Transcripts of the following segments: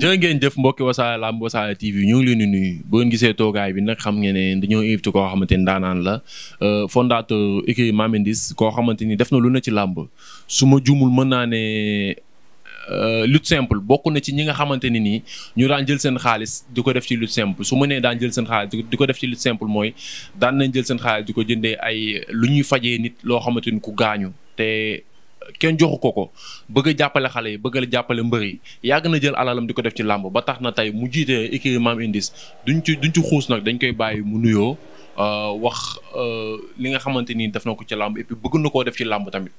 jërë ngeen jëf mbokki wasaare làmb wasaare TV ñu ngi leen di nuyu boo gisee toogaay bi nag xam ngeen ne dañoo invité koo xamante ni daanaan la euh, fondateur écurie Mamindis koo xamante ni def na lu ne ci làmb su ma juumul mën naa ne euh, lutte simple bokk na ci ñi nga xamante ni nii ñu daan jël seen xaalis du ko def ci lutte simple suma nee daan jël seen xaalis di ko def ci lutte simple mooy daan nañ jël seen xaalis di ko jëndee ay lu ñuy fajee nit loo xamante ni ku gaañu kenn joxu ko ko bëgg jàppale xale yi bëgg jàppale mbër yi yàgg na jël alalam di ko def ci làmb ba tax na tey mu jiite écurie Maam Indis duñ ci duñ ci xuus nag dañ koy bàyyi mu nuyoo euh, wax euh, li nga xamante ni def na ko ci làmb et puis bëgg na koo def ci làmb tamit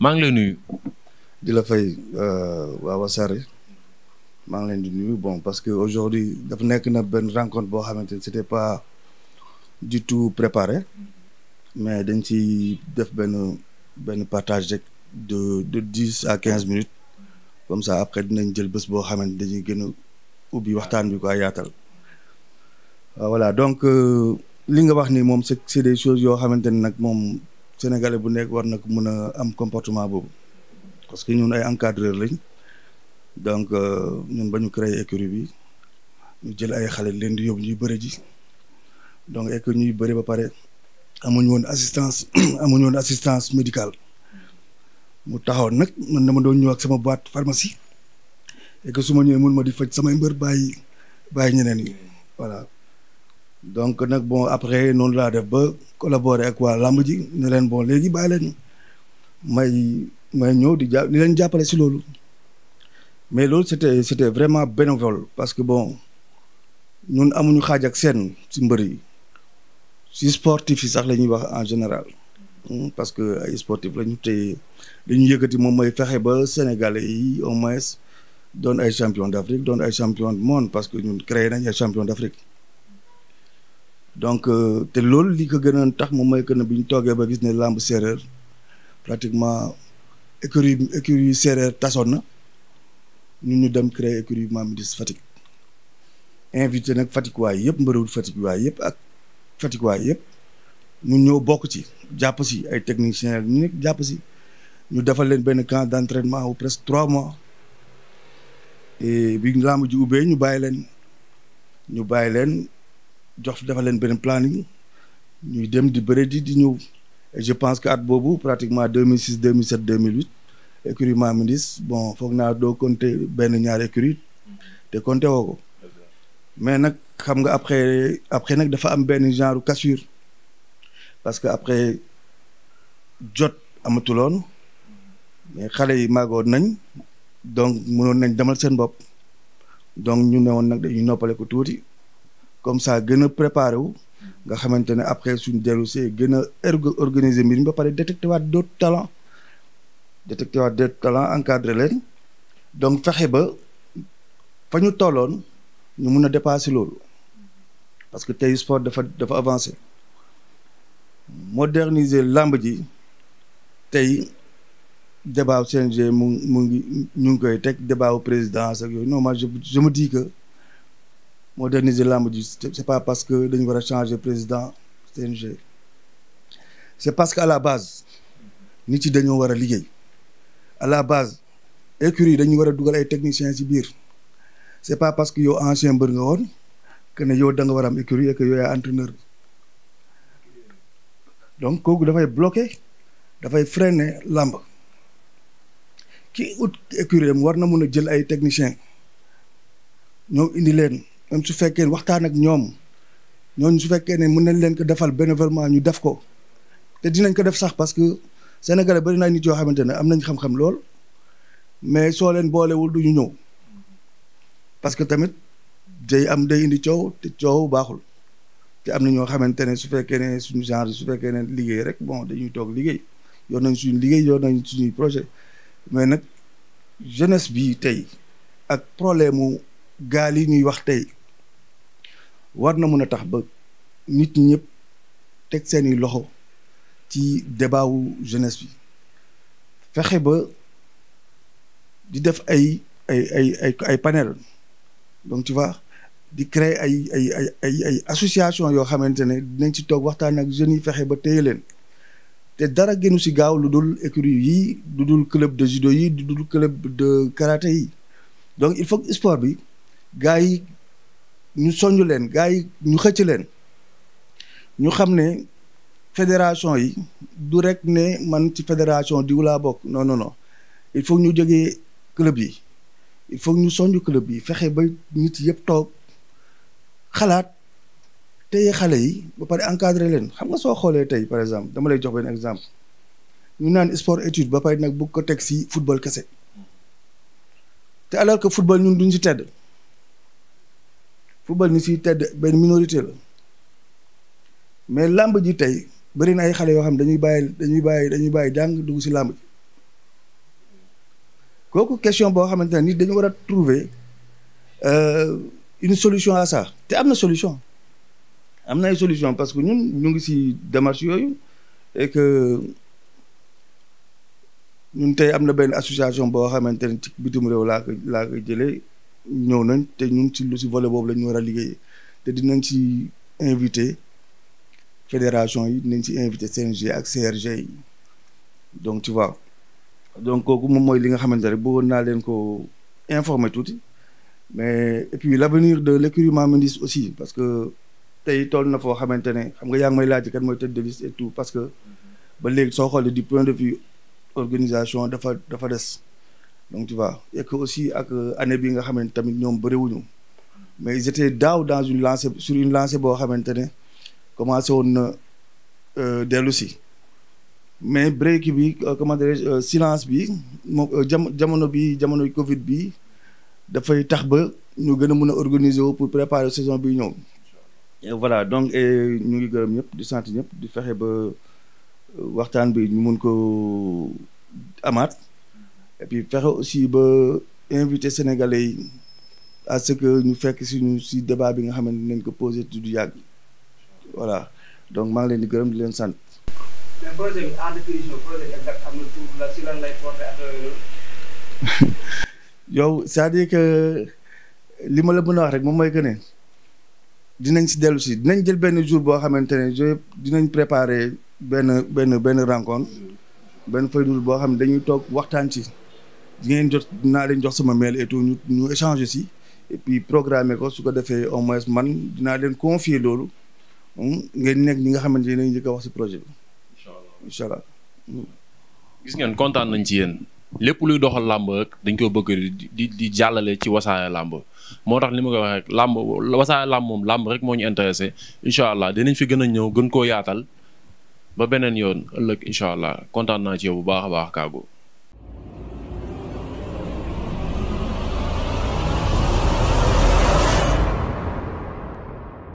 maa ngi lay nuyu. di la fay euh, waa Wassare maa ngi leen di nuyu bon parce que aujourd'hui dafa nekk na benn rencontre boo xamante ni c'était pas du tout préparé mais dañ ci def benn benn partage rek. de de dix à quinze minutes comme ça après dinañ jël bës boo xamante dañuy gën a ubbi waxtaan bi ko ay yaatal ah, voilà donc euh, li nga wax ni moom c'est c'est des choses yoo xamante ni nag moom sénégalais bu nekk war na ko mën a am comportement boobu parce que ñun ay encadreur lañ donc euh, ñun ba ñu créé écurie bi ñu jël ay xale leen di yóbbu ñuy bëre ji donc écurie ñuy bëre ba pare amuñ woon assistance amuñ woon assistance médicale mu taxaw nag man dama doon ñëw ak sama boîte pharmacie et que su ma ñëwee mun ma di faj samay mbër bàyyi bàyyi ñeneen ñi voilà donc nag bon après noonu laa def ba collaborer ak waa làmb ji ne leen boo léegi bàyyi leen may may ñëw di ja di leen jàppale si loolu mais loolu c'était c'était vraiment bénévole parce que bon ñun amuñu xaaj ak seen si mbër yi si sportif yi sax la ñuy wax en général parce que ay sportif la ñu te li ñu yëkkati moom mooy fexe ba sénégalais yi au moins doon ay champion d' Afrique doon ay champion du monde parce que ñu créé nañ ay champion d' Afrique donc euh, te loolu li gën gënoon tax moom mooy que ne bu ñu toogee ba gis ne làmb séeréer pratiquement écurie yu séeréer tasoon na ñun ñu dem créé écurie Mamidis Fatick invité nag Fatick waay yëpp mbërëwul Fatick waay yëpp ak Fatick waay yëpp. mu ñëw bokk ci jàpp si ay techniciens ñu nekk jàpp si ñu defal leen benn camp d'entraînement ou presque trois mois et bi làmb ji ubbee ñu bàyyi leen ñu bàyyi leen jox defal leen benn planning ñuy dem di bëre di di ñëw et je pense que at boobu pratiquement 2006 2007 2008 écurie Mamindis bon foog naa doo compter benn ñaar écurie te compter woo ko mais nag xam nga après après nag dafa am benn genre cassure. parce que après jot amatuloon mais xale yi màggoon nañ donc mënoon nañ demal seen bopp donc ñu ne woon nag dañuy noppale ko tuuti comme ça gën a préparé wu nga xamante ne après suñ dellu see gën a organiser mbir mi ba pare détecté waat d'autres talents détecté waat d'autres talents encadré leen donc fexe ba fa ñu tolloon ñu mun a dépasser loolu parce que tey sport dafa dafa avancer moderniser làmb ji tey débat CNG mu mu ngi ñu ngi koy teg débat présidence ak yooyu non moi je je me dis que moderniser làmb ji c'est pas parce que dañu war a changer président CNG c'est parce que à la base nit ci dañoo war a liggéey à la base écurie dañu war a dugal ay techniciens ci biir c'est pas parce que yow ancien mbër nga woon que ne yow da nga war a am écurie et que yow yaa entraîneur donc kooku dafay bloqué dafay ne làmb ki ut écurie am war na mun a jël ay technicien ñoo indi leen même su fekkee waxtaan ak ñoom ñooñu su fekkee ne mën nañ leen ko defal bénévolement ñu def ko te dinañ ko def sax parce que Sénégalais bari naa nit yoo xamante ne am nañ xam-xam lool mais soo leen boolewul du ñu ñëw parce que tamit day am day indi coow te coow baaxul te am na ñoo xamante ne su fekkee ne suñu genre su fekkee ne liggéey rek bon dañuy toog liggéey yor nañ suñu liggéey nañ suñuy projet mais nag jeunesse bi tey ak problème mu gaal yi ñuy wax tey war na mun a tax ba nit ñi ñëpp teg seeni loxo ci débat wu jeunesse bi fexe ba di def ay ay ay ay ay donc tu vois di créer ay ay ay ay ay association yoo xamante ne dinañ ci toog waxtaan ak jeunes yi fexe ba téye leen te dara gënu si gaaw lu dul écurie yi du dul club de judo yi lu dul club de karaté yi donc il faut que sport bi gars yi ñu soññ leen gars yi ñu xëcc leen ñu xam ne fédération yi du rek ne man ci fédération diw laa bokk non non non il faut ñu jóge club yi il faut ñu soññ club yi fexe ba nit yëpp toog xalaat tey xale yi ba pare encadré leen xam nga soo xoolee tey par exemple dama lay jox benn exemple ñu naan sport étude ba pare nag bugg ko teg si football kese te alors que football ñun duñ si tedd football ñu siy tedd benn minorité la mais làmb ji tey bëri na ay xale yoo xam dañuy bàyyi dañuy bàyyi dañuy bàyyi jàng dugg si làmb kooku question boo xamante ne nit dañu war a trouver. Euh, une solution à ça te am na solution am na ay solution parce que ñun ñu ngi ci démarche yooyu et que ñun tey am na benn association boo xamante ne ci bitim réew laa ko laa ko jëlee ñëw nañ te ñun ci lu ci volet boobu la ñu war a liggéey te dinañ ci invité fédération yi dinañ si invité CNG ak CRG yi donc tu vois donc kooku moom mooy li nga xamante ne bëggoon naa leen ko informer tuuti. mais et puis l' de l' écurie Mamindis aussi parce que tey toll na foo xamante ne xam nga yaa ngi may laaj kan mooy tête de liste et tout parce que ba léegi soo xoolee du point de vue organisation dafa dafa des donc tu vois et que aussi ak euh, année bi nga xamante tamit ñoom bëriwuñu mais ils étaient daaw dans une lancée sur une lancée boo xamante ne commencé woon na euh, dellu si mais break bi euh, comment dirais-je silence bi moom jamono bi jamono Covid bi. dafay tax ba ñu gën a mun a organiser wu pour préparer saison bi ñëw. voilà donc ñu ngi gërëm ñëpp di sant ñëpp di fexe ba euh, waxtaan bi ñu mun ko amaat et puis fexe aussi ba invité sénégalais yi à ce que ñu fekk si ñu si débat bi nga xamante nañ ko posé du yàgg voilà donc maa ngi leen di gërëm di leen sant. yow cest à que li ma la mën a wax rek moom mooy que dinañ si dellu si dinañ jël benn jour boo xamante ne je dinañ préparer benn benn benn rencontre benn feuille de route boo xam ne dañuy toog waxtaan si di ngeen jot dinaa leen jox sama mail et tout ñu ñu échanger si et puis ko su ko defee au moins man dinaa leen confier loolu hmm, ngeen nekk ñi nga xamante ne dañuy njëkk a wax si projet bi. incha gis ngeen kontaan nañ ci yéen. lépp luy doxal làmb rek dañ ko bëgg di di jàllale ci wasaare làmb moo tax li ma ko wax rek làmb wasaare làmb moom làmb rek moo ñu intéressé incha allah dinañ fi gën a ñëw gën koo yaatal ba beneen yoon ëllëg incha allah kontaan naa ci yow bu baax a baax Kaago